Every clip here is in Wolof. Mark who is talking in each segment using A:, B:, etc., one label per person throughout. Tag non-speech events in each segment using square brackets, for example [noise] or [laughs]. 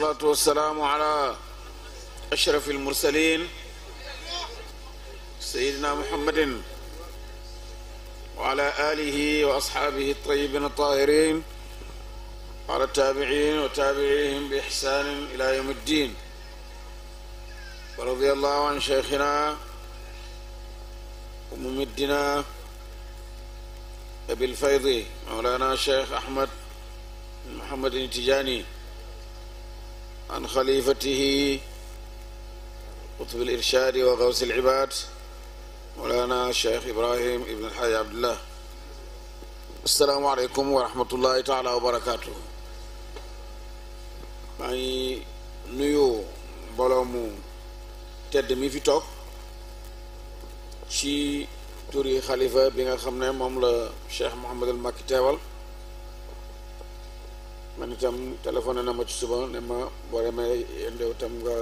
A: والصلاة والسلام على أشرف المرسلين سيدنا محمد وعلى آله وأصحابه الطيبين الطاهرين وعلى التابعين وتابعيهم بإحسان إلى يوم الدين ورضي الله عن شيخنا وممدنا أبي الفيض مولانا الشيخ أحمد محمد التجاني عن خليفته قطب الإرشاد وغوص العباد مولانا الشيخ إبراهيم ابن الحي عبد الله السلام عليكم ورحمة الله تعالى وبركاته ماي نيو بولومو تد في توك شي توري خليفة بيغا خمنا مملا الشيخ محمد المكي تيوال man itam téléphoné na ma ci suba ne ma boo demee yendew tam nga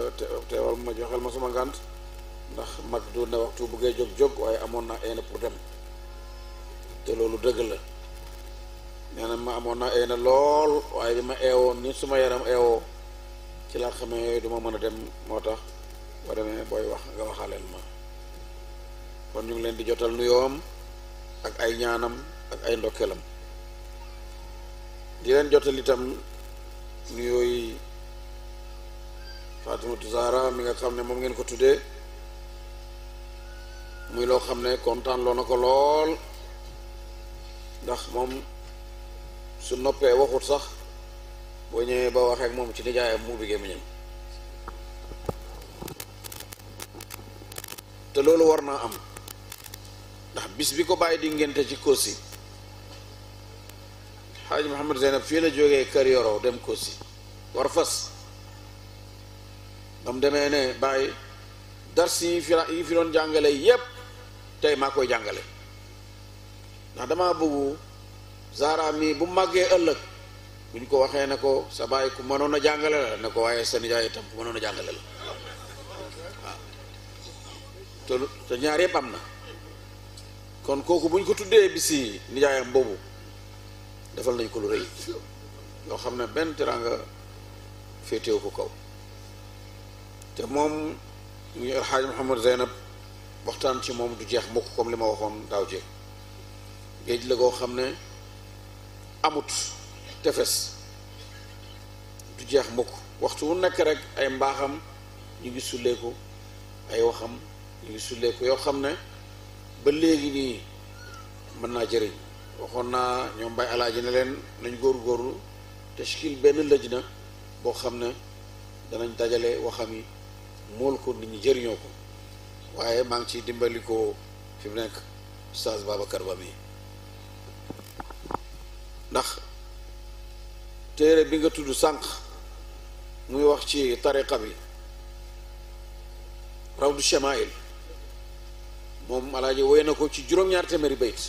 A: teewal ma joxel ma suma ngànt ndax mag du ne nah, waxtu buggee jóg-jóg waaye amoon eh, naa pour dem te loolu dëgg la nee na ma amoon eh, naa een lool waaye bi ma eewoo ni suma yaram eewoo ci laa xamee du ma mën a dem moo tax boo demee booy wax nga ma kon ñu ngi leen di jotal nuyoom ak ay ñaanam ak ay di leen jotal itam nuyooy Fatimatu Zahra mi nga xam ne moom ngeen ko tuddee muy loo xam ne kontaan loo na ko lool ndax moom su noppee waxut sax boo ñëwee ba waxee ak moom ci nijaayam mu bi gémmiñam te loolu war naa am ndax bis bi ko bàyyi di ngénte ci Kossy xaaji Mouhamad Zeynab fii la jógee kër yoroo dem ko si war fas ba mu demee ne bàyyi dars yi fi yi fi doon jàngale yépp tey maa koy jàngale ndax dama bëggu Zahra mi bu màggee ëllëg bu ko waxee ne ko sa bàyyi ku a jàngale ne ko waaye sa nijaay itam ku a jàngale la ñaar yépp am na kon kooku bu ñu ko tuddee bisi nijaayam mboobu defal nañ ko lu rëy loo xam ne benn teraanga féetewu ko kaw te moom ñu alxaaji Mouhamed Zeynab waxtaan ci moom du jeex mukk comme li ma waxoon daaw jeex géej la goo xam ne amut tefes du jeex mukk waxtu wu nekk rek ay mbaaxam ñu ngi ay waxam ñu ngi yoo xam ne ba léegi nii mën naa jëriñ waxoon naa ñoom bay alaaji ne leen nañ góorgóorlu tashkil benn lëj na boo xam ne danañ dajale waxam yi mool ko nit ñi jëriñoo ko waaye maa ngi ciy dimbali ko fi mu nekk Oustaz Babacar Ba mi ndax téere bi nga tudd sànq muy wax ci tariqa bi Rawdu Shamail moom alaaji woy na ko ci juróom-ñaar téeméeri bayt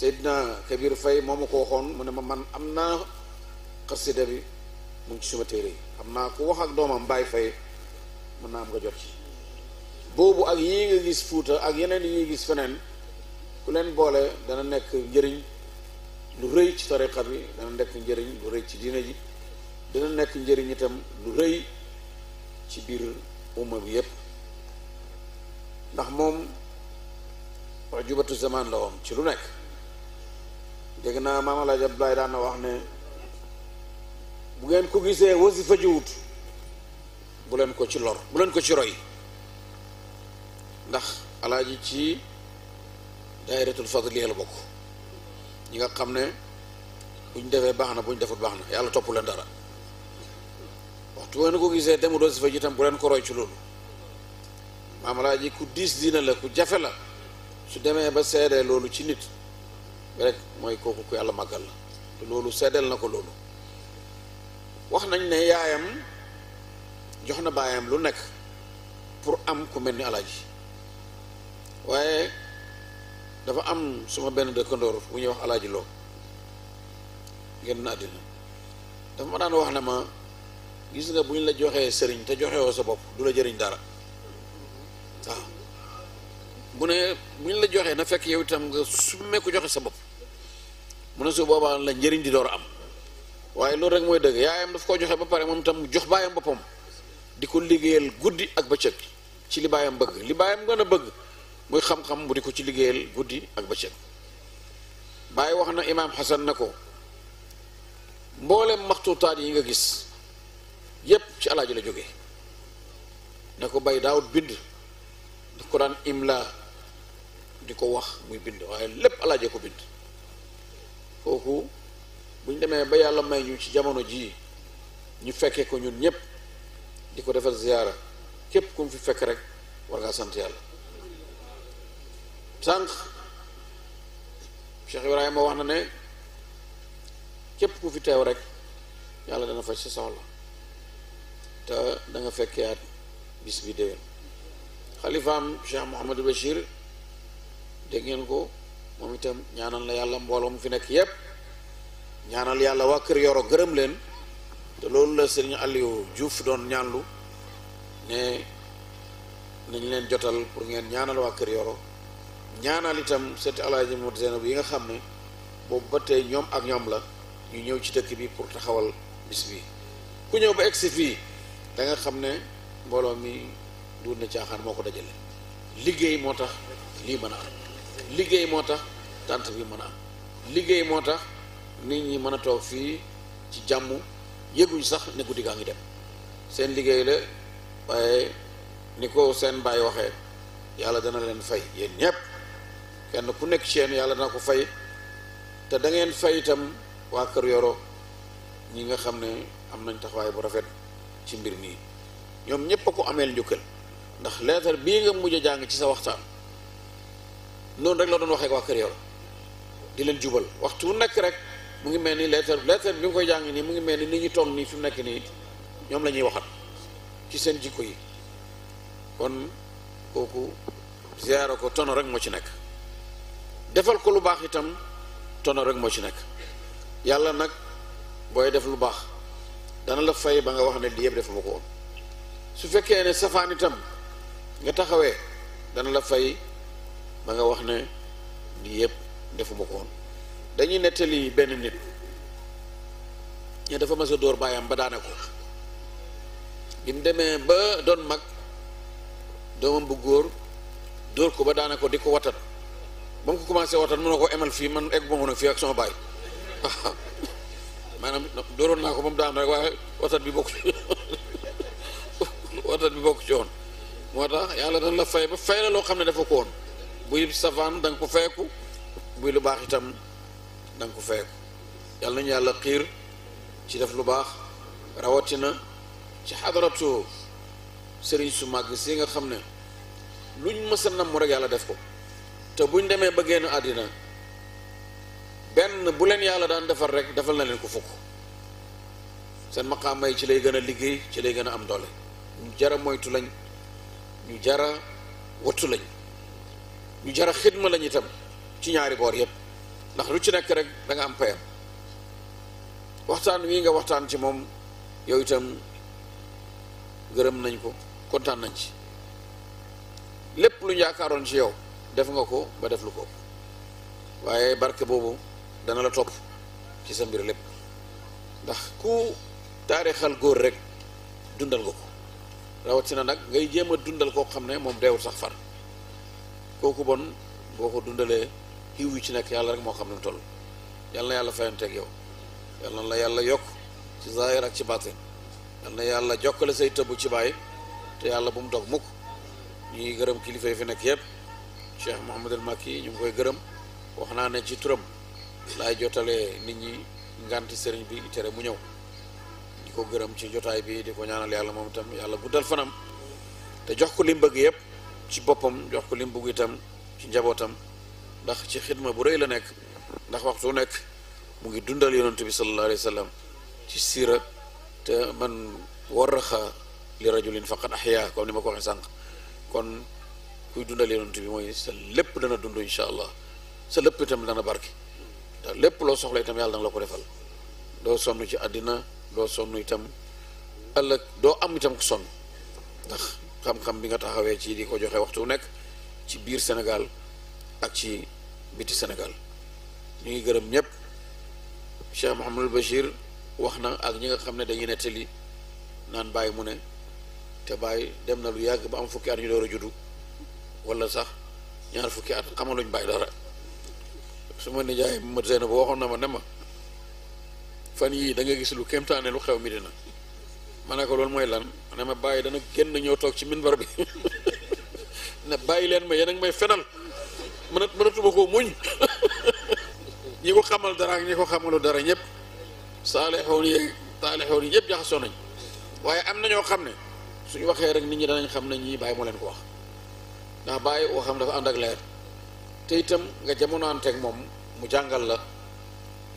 A: Seydina biir fay moom ma ko waxoon mu ne ma man am naa xasida bi mu ngi ci suma téere yi xam naa ku wax ak doomam Baye Faye mën naa am nga jot ci boobu ak yii nga gis Fuuta ak yeneen yi gis feneen ku leen boole dana nekk njëriñ lu rëy ci tariqa bi dana nekk njëriñ lu rëy ci diine ji dana nekk njëriñ itam lu rëy ci biir umma bi yépp ndax moom wax jubatu zaman la woon ci lu nekk léegi naa maam Alaaji Abdoulaye daan na wax ne bu ngeen ko gisee wasifa jiwut bu leen ko ci lor bu leen ko ci roy ndax alaaji ci daayiratul fadliya la bokk ñi nga xam ne buñ defee baax na buñ defut baax na yàlla topp leen dara waxtu bu ngeen ko gisee demut wasifa ji itam bu leen ko roy ci loolu maam Alaaji ku diis diina la ku jafe la su demee ba seedee loolu ci nit rek mooy kooku ku yàlla màggal la te loolu seddal na ko loolu wax nañ ne yaayam jox na baayam lu nekk pour am ku mel ni alaaji waaye dafa am suma benn dëkkandoor bu ñuy wax alaaji loo génn na àddina dafa ma daan wax ne ma gis nga bu ñu la joxee sëriñ te joxe sa bopp du la jëriñ dara waaw bu ne bu ñu la joxee na fekk yow itam nga su meeku joxe sa bopp mu ne su boobaa la njëriñ di door am waaye loolu rek mooy dëgg yaayam daf ko joxe ba pare moom tam jox baayam boppam di ko liggéeyal guddi ak bëccëg ci li baayam bëgg li baayam a bëgg muy xam-xam di ko ci liggéeyal guddi ak bëccëg bàyyi wax na imaam xasan na ko mbooleem maxtuutaat yi nga gis yépp ci alaaji la jóge ne ko bay daawut bind daf ko daan imla di ko wax muy bind waaye lépp alaajee ko bind kooku bu ñu demee ba yàlla may ñu ci jamono jii ñu fekkee ko ñun ñëpp di ko defal ziyaara képp ku mu fi fekk rek war ngaa sant yàlla sànq Cheikh Ibrahima wax na ne képp ku fi teew rek yàlla dana faj sa soxla te da fekkee at bis bi déwén xalifaam Cheikh Mouhamadou Bachir dégg ko moom itam ñaanal la yàlla mbooloo mu fi nekk yépp ñaanal yàlla waa kër yoro gërëm leen te loolu la sëriñ Aliou Diouf doon ñaanlu ne nañ leen jotal pour ngeen ñaanal kër yoro ñaanal itam seeti alaaji Modou Zeynab yi nga xam ne boobu ba tey ñoom ak ñoom la ñu ñëw ci dëkk bi pour taxawal bis bi ku ñëw ba egsi fii da nga xam ne mbooloo mi duut na caaxaan moo ko dajale liggéey moo tax lii mën a am liggéey moo tax tànt bi mën a am liggéey moo tax nit ñi mën a toog fii ci jàmm yëguñ sax ne guddi gaa ngi dem seen liggéey la waaye ni ko seen bàyyi waxee yàlla dana leen fay yéen ñépp kenn ku nekk seen yàlla dana ko fay te da ngeen fay itam waa Kër Yoro ñi nga xam ne am nañ taxawaay bu rafet ci mbir mii ñoom ñépp a ko ameel njukkal ndax leetar bii nga mujj jàng ci sa waxtaan noonu rek la doon waxee ak waa kër Yoro di leen jubal waxtu wu nekk rek mu ngi mel ni lettre lettre bi mu koy jàng nii mu ngi mel ni nit ñi toog nii fi nekk nii ñoom lañuy waxat ci seen jikko yi kon kooku ziyaara ko tono rek moo ci nekk defal ko lu baax itam tono rek moo ci nekk yàlla nag booy def lu baax dana la fay ba nga wax ne lii yëpp defuma ko woon su fekkee ne safaan itam nga taxawee dana la fay ba nga wax ne lii yëpp defuma ko dañuy nettali benn nit ñe dafa mas dóor baayam ba daane ko i mu demee ba doon mag doomam bu góor dóor ko ba daane ko di ko watat ba mu ko commencé watat mun na ko emal fii man egg ma fii ak sama baay [laughs] maanaam dooroon naa ko ba mu daan rek waaye watat bi bokk [laughs] watat bi bokk ci woon moo yàlla dañ la fay ba fay la loo xam ne dafa ko woon buy safaan da nga ko feeku buy lu baax itam da nga ko feeku yàlla nañu yàlla xiir ci def lu baax rawatina ci xadaratu sëriñ su màgg si nga xam ne luñ mës a namm rek yàlla def ko te buñ demee ba génn àddina benn bu leen yàlla daan defar rek defal na leen ko fukk seen maqaama ci lay gën a liggéey ci lay gën a am doole ñu jara moytu lañ ñu jara wattu lañ ñu jara xidma lañu itam ci ñaari boor yépp ndax lu ci nekk rek da nga am payam waxtaan wi nga waxtaan ci moom yow itam gërëm nañ ko kontaan nañ ci lépp lu ñu yaakaaroon ci yow def nga ko ba def lu ko waaye barke boobu dana la topp ci sa mbir lépp ndax ku taarixal góor rek dundal nga ko rawatina nag ngay jéem a dundal koo xam ne moom deewul sax far kooku bon boo ko dundalee xiw yi ci nekk yàlla rek moo xam ne mu yàlla yàlla fayanteeg yow yàlla na yàlla yokk ci zaahir ci baatin yàlla na yàlla jokkale say tëbb ci bàyyi te yàlla bu mu dog mukk gërëm kilifa yi fi nekk yëpp Cheikh Mouhamadul Makki ñu ngi koy gërëm wax naa ne ci turam laay jotalee nit ñi nganti sëriñ bi tere mu ñëw di gërëm ci jotaay bi di ko yàlla moom itam yàlla guddal fanam te jox ko li mu bëgg yëpp ci boppam jox ko li mu bugg itam ci njabootam ndax ci xidma bu rëy la nekk ndax waxtu nekk mu ngi dundal yonent bi sallallahu ci siira te man waraxa li rajulin faqad ahya comme ma ko waxee sànq kon kuy dundal yonent bi mooy sa lépp dana dund incha allah lépp itam dana barki te lépp loo soxla itam yàlla dana la ko defal doo sonn ci àddina doo sonn itam ëllëg doo am itam ku sonn ndax xam-xam bi nga taxawee ci li ko joxe waxtu bu nekk ci biir Sénégal ak ci biti Sénégal ñu ngi gërëm ñëpp Cheikh Mouhamadul Bachir wax na ak ñi nga xam ne dañuy nettali naan bàyyi mu ne te bàyyi dem na lu yàgg ba am fukki at ñu door a juddu wala sax ñaar fukki at xamaluñ bàyyi dara su ma nijaay ma seen bu waxoon na ma ne ma fan yii da nga gis lu kéemtaane lu xew mi dina ma ne loolu mooy lan ma ne ma bàyyi dana kenn ñëw toog ci minbar bi [laughs] ne bàyyi leen ma yéen a may fenal mënat mënatuma koo muñ [laughs] ñi ko xamal dara ak ñi ko xamalu dara ñëpp saalixoon yi taalixoon yi ñëpp jaxasoo nañ waaye am na ñoo xam ne suñu waxee rek nit ñi danañ xam ne ñii bàyyi moo leen ko wax ndax bàyyi woo xam dafa ànd ak leer te itam nga jamonaanteeg moom mu jàngal la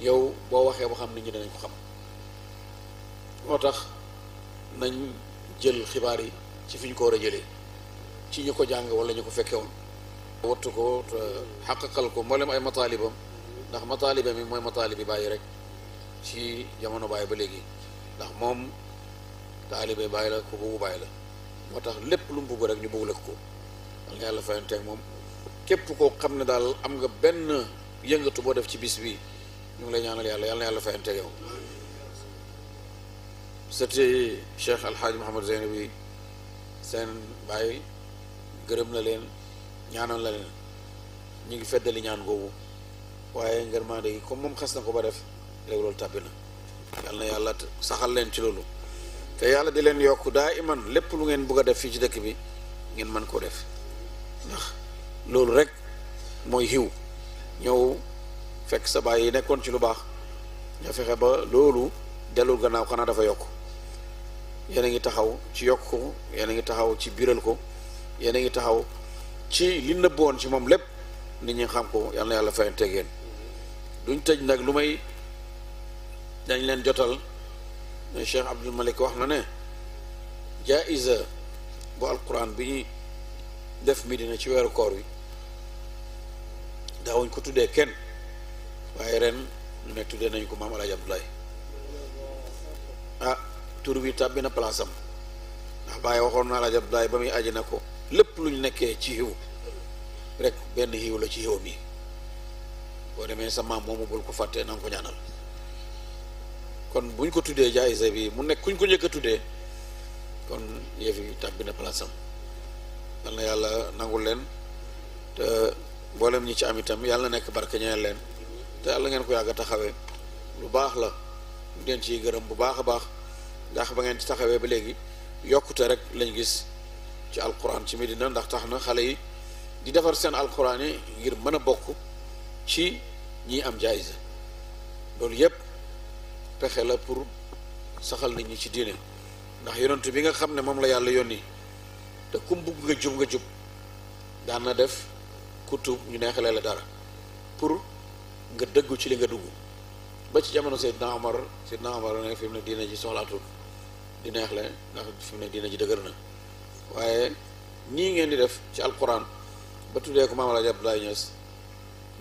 A: yow boo waxee boo xam nit ñi danañ ko xam moo tax nañ jël xibaar yi ci fi ñu ko war a jëlee ci ñu ko jàng wala ñu ko fekke woon wattu ko xaqaqal ko mboolem ay mataalibam ndax mataaliba mi mooy mataalibi bàyyi rek ci jamono bàyyi ba léegi ndax moom taalibe bàyyi la ku bëggu bàyyi la moo tax lépp lu mu bëgg rek ñu bëgg la ko wala yàlla fayanteeg moom képp koo xam ne daal am nga benn yëngatu boo def ci bis bii ñu ngi lay ñaanal yàlla yàlla na yàlla fayanteeg sëti Cheikh Alxaaji Mouhamad Zeyna bi seen bàyyi gërëm na leen ñaanal la leen ñu ngi feddali ñaan googu waaye ngërmaande gi comme moom xes na ko ba def léegi loolu tàbbi na yàlla na yàlla saxal leen ci loolu te yàlla di leen yokk daa iman lépp lu ngeen bugga a def fii ci dëkk bi ngeen mën koo def ndax loolu rek mooy xiw ñëw fekk sa baay yi nekkoon ci lu baax nga fexe ba loolu dellu gannaaw xanaa dafa yokk yéen a ngi taxaw ci yokk ko yéen a ngi taxaw ci biral ko yéen a ngi taxaw ci li nëbboon ci moom lépp nit ñi xam ko yal na yàlla fayan tegeen duñ tëj nag lu may dañ leen jotal ne Cheikh Abdul Malik wax na ne jaiza bu alquran bi ñu def Medina ci weeru koor wi daawuñ ko tuddee kenn waaye ren ñu ne tuddee nañ ko maam Alaaji Abdoulaye ah, tur wi tàbbi na place am ndax bàyyi waxoon naa laaj Abdoulaye ba muy aji na ko lépp lu ñu nekkee ci yiw rek benn yiw la ci yiw mi boo demee sa maam moomu bul ko fàttee nangu ko ñaanal kon buñ ko tuddee jaayise bi mu nekk kuñ ko njëkk tuddee kon yëf yi tàbbi na place am na yàlla nangul leen te mboolem ñi ci am itam yàlla nekk barke ñeel leen te yàlla ngeen ko yàgg a taxawee lu baax la ñu leen ciy gërëm bu baax a baax. ndax ba ngeen ci taxawee ba léegi yokkute rek lañ gis ci alquran ci Medina ndax tax na xale yi di defar seen alquran yi ngir mën a bokk ci ñi am jaayisa loolu yépp pexe la pour saxal nit ñi ci diine ndax yonent bi nga xam ne moom la yàlla yoon nii te kum bugg nga jub nga jub daan na def kutub ñu neexalee la dara pour nga dëggu ci li nga dugg ba ci jamono Seydina Omar Seydina Omar ne fi mu ne diine ji soxlaatul di neex le ndax fi mu ne diina ji dëgër na waaye nii ngeen di def ci alquran ba tuddee ko maamala abdoulaye ñes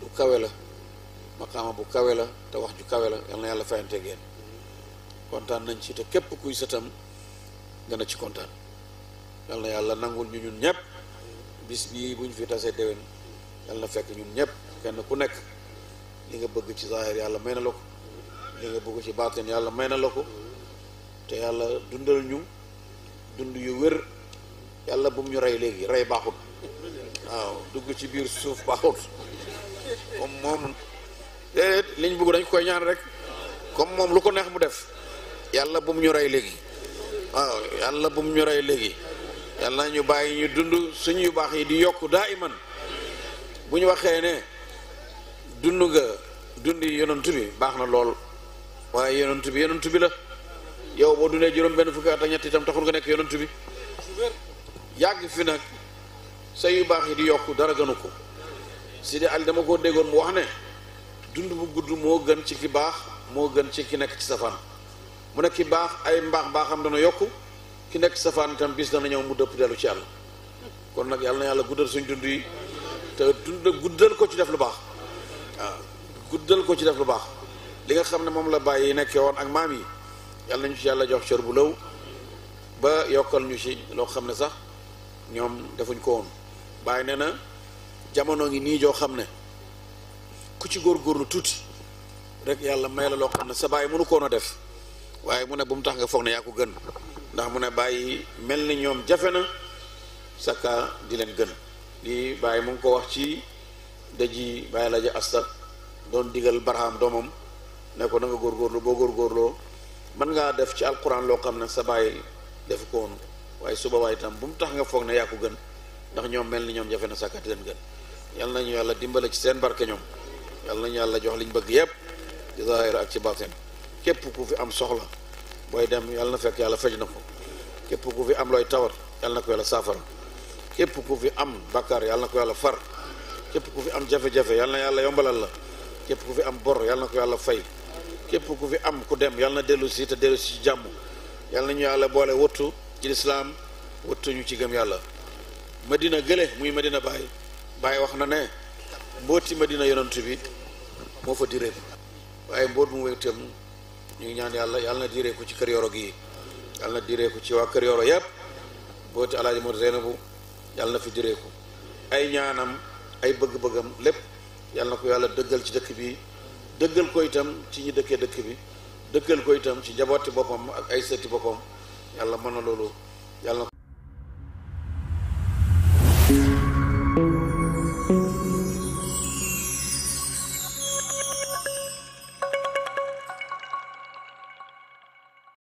A: lu kawe la maqaama bu kawe la te wax ju kawe la yal na yàlla fayante ngeen kontaan nañ ci te képp kuy sëtam dana ci kontaan yal na yàlla nangul ñu ñun ñëpp bis bii buñ fi tasee déwén yal na fekk ñun ñëpp kenn ku nekk li nga bëgg ci zahir yàlla may na la ko li nga bëgg ci baatin yàlla may na la ko te yàlla dundal ñu dund yu wér yàlla bu mu ñu rey léegi rey baaxut waaw dugg ci biir suuf baaxut comme moom déedéet li dañ koy ñaan rek comme moom lu ko neex mu def yàlla bu mu ñu rey léegi waaw yàlla bu mu ñu rey léegi yàlla ñu bàyyi ñu dund suñu yu baax yi di yokk daa iman bu ñu waxee ne dund nga dund yi yonent bi baax na lool waaye yonent bi yonent bi la yow boo dundee juróom benn fukki at ak ñett itam taxul nga nekk yonent bi yàgg fi nag say yu baax yi di yokk dara gënu ko Sidi àll dama koo déggoon mu wax ne dund bu gudd moo gën ci ki baax moo gën ci ki nekk ci safaan mu ne ki baax ay mbaax baaxam dana yokk ki nekk ci safaan itam bis dana ñëw mu dëpp dellu ci yàlla kon nag yàlla na yàlla guddal suñ dund yi te dund guddal ko ci def lu baax waaw guddal ko ci def lu baax li nga xam ne moom la bàyyi nekkee woon ak maam yi yàlla nañu ci yàlla jox cër bu law ba yokkal ñu ci loo xam ne sax ñoom defuñ ko woon bàyyi ne na jamono ngi nii joo xam ne ku ci góor góorgóorlu tuuti rek yàlla may la loo xam ne sa bàyyi mënu koon a def waaye mu ne bu mu tax nga foog ne yaa ko gën ndax mu ne bàyyi mel ni ñoom jafe na sakka di leen gën lii bàyyi mu ngi ko wax ci daji bàyyi la ja asta doon digal baraam doomam ne ko na nga góorgóorlu boo góorloo mën ngaa def ci alquran loo xam ne sa bàyyi def ko woon waaye suba waaye itam bu mu tax nga foog ne yaa ko gën ndax ñoom mel ni ñoom jafe na sàkkat leen gën yal ñu yàlla dimbale ci seen barke ñoom yal ñu yàlla jox liñ bëgg yépp ci zahir ak ci batin képp ku fi am soxla booy dem yal na fekk yàlla faj na ko képp ku fi am looy tawat yal na ko yàlla saafara képp ku fi am bakkaar yal na ko yàlla far képp ku fi am jafe-jafe yal na yàlla yombalal la képp ku fi am bor yal na yàlla fay képp ku fi am ku dem yàlla na dellu si te dellu si jàmm yàlla na ñu yàlla boole wattu ci lislaam wattu ñu ci gëm yàlla madina gële muy madina baay baay wax na ne mbooti madina yonent bi moo fa diree waaye mboot mu wéy itam ñu ngi ñaan yàlla yàlla na diree ko ci kër yoro gii yàlla na diree ko ci waa kër yoro yépp mbooti alaaji moo Zeynabu yàlla na fi diree ko ay ñaanam ay bëgg-bëggam lépp yàlla na ko yàlla dëggal ci dëkk bi dëggal ko itam ci ñi dëkkee dëkk bi dëkkal ko itam ci njabooti boppam ak ay sëtti boppam yàlla mën na loolu yàlla